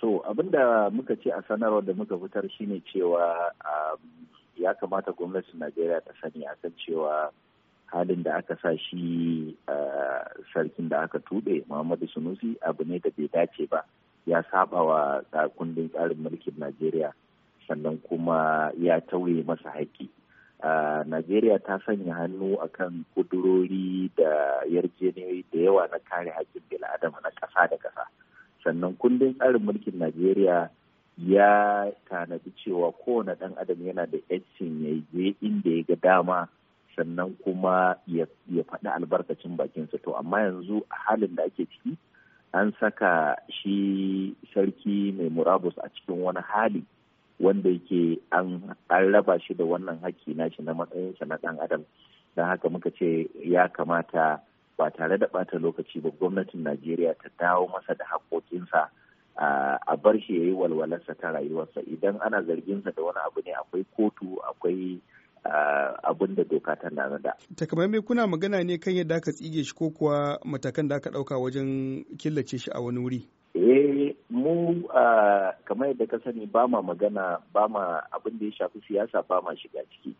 To abinda muka ce a sanarwar da muka fitar shine cewa um, ya kamata gwamnatin Najeriya ta sani a akan cewa halin da aka sa shi uh, sarkin da aka tuɗe Muhammadu Sunusi abu ne da bai dace ba ya saba wa kundin tsarin mulkin Najeriya sannan kuma ya tauye masa haƙƙi. Uh, Najeriya ta sanya hannu a kan kudurori da yarjejeniyoyi da yawa na kare haƙƙin bil'adama na ƙasa da ƙasa. sannan kundin tsarin mulkin najeriya ya tanadi cewa kowane ɗan adam yana da yancin ya je inda ya ga dama sannan kuma ya faɗi albarkacin bakinsa to amma yanzu a halin da ake ciki an saka shi sarki mai murabus a cikin wani hali wanda yake an raba shi da wannan haƙƙi na shi na matsayinsa na ɗan adam don haka muka ce ya kamata ba tare da bata lokaci ba gwamnatin najeriya ta dawo masa da haƙoƙinsa a bar shi ya yi walwalarsa ta rayuwarsa idan ana zarginsa da wani abu ne akwai kotu akwai abin da doka ta nanada. takamaimai kuna magana ne kan yadda aka tsige shi ko kuwa matakan da aka ɗauka wajen killace shi a wani wuri eh mu kamar yadda ka sani ba ma magana ba ma abin da ya shafi siyasa ba ma shiga ciki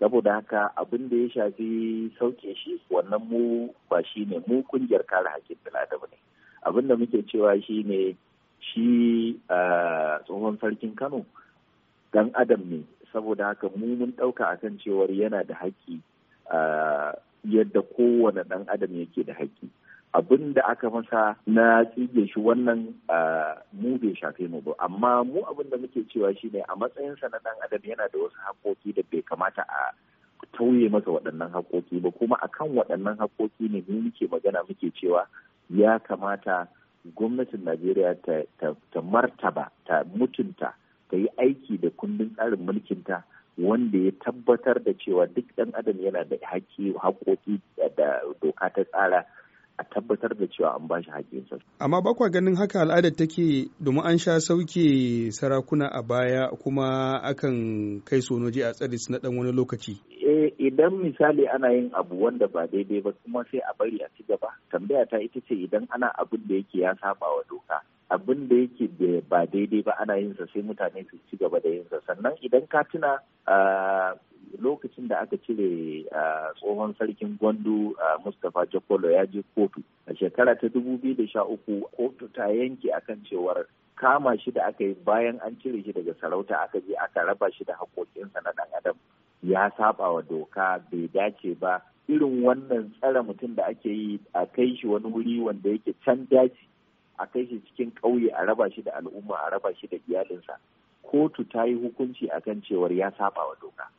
saboda haka abin da ya shafi sauke shi wannan mu ba shi ne mu kungiyar kare hakkin haƙƙin bil'adama ne abin da muke cewa shi ne shi tsohon sarkin kano dan adam ne saboda haka mu mun ɗauka akan cewar yana da haƙƙi yadda kowane ɗan adam yake da haƙƙi abin da aka masa na tsige shi wannan mu bai shafe mu ba amma mu abin da muke cewa shine a matsayinsa na ɗan adam yana da wasu haƙoƙi da bai kamata a tauye masa waɗannan haƙoƙi ba kuma akan waɗannan haƙoƙi ne mu muke magana muke cewa ya kamata gwamnatin najeriya ta martaba ta mutunta ta yi aiki da kundin tsarin mulkinta wanda ya tabbatar da cewa duk ɗan adam yana da haƙƙi haƙoƙi da doka ta tsara a tabbatar da cewa an ba shi haƙƙinsa. Amma bakwa ganin haka al'adar take domin an sha sauke sarakuna a baya kuma akan kai sonoji a tsari na ɗan wani lokaci. Eh, idan misali ana yin abu wanda ba daidai ba kuma sai a bari a ci gaba tambaya ta ita ce idan ana abin da yake ya saba wa doka abin da yake ba daidai ba ana yin sa sai mutane su ci gaba da yin sa sannan idan ka tuna lokacin da aka cire tsohon sarkin gwandu mustapha jakolo ya je kotu a shekara ta da 2013 kotu ta yanke akan cewar kama shi da aka yi bayan an cire shi daga sarauta aka je aka raba shi da haƙoƙinsa na ɗan adam ya saba wa doka bai dace ba irin wannan tsara mutum da ake yi a kai shi wani wuri wanda yake can daji a kai shi cikin ƙauye a raba shi da al'umma a raba shi da iyalinsa kotu ta yi hukunci akan cewar ya saba wa doka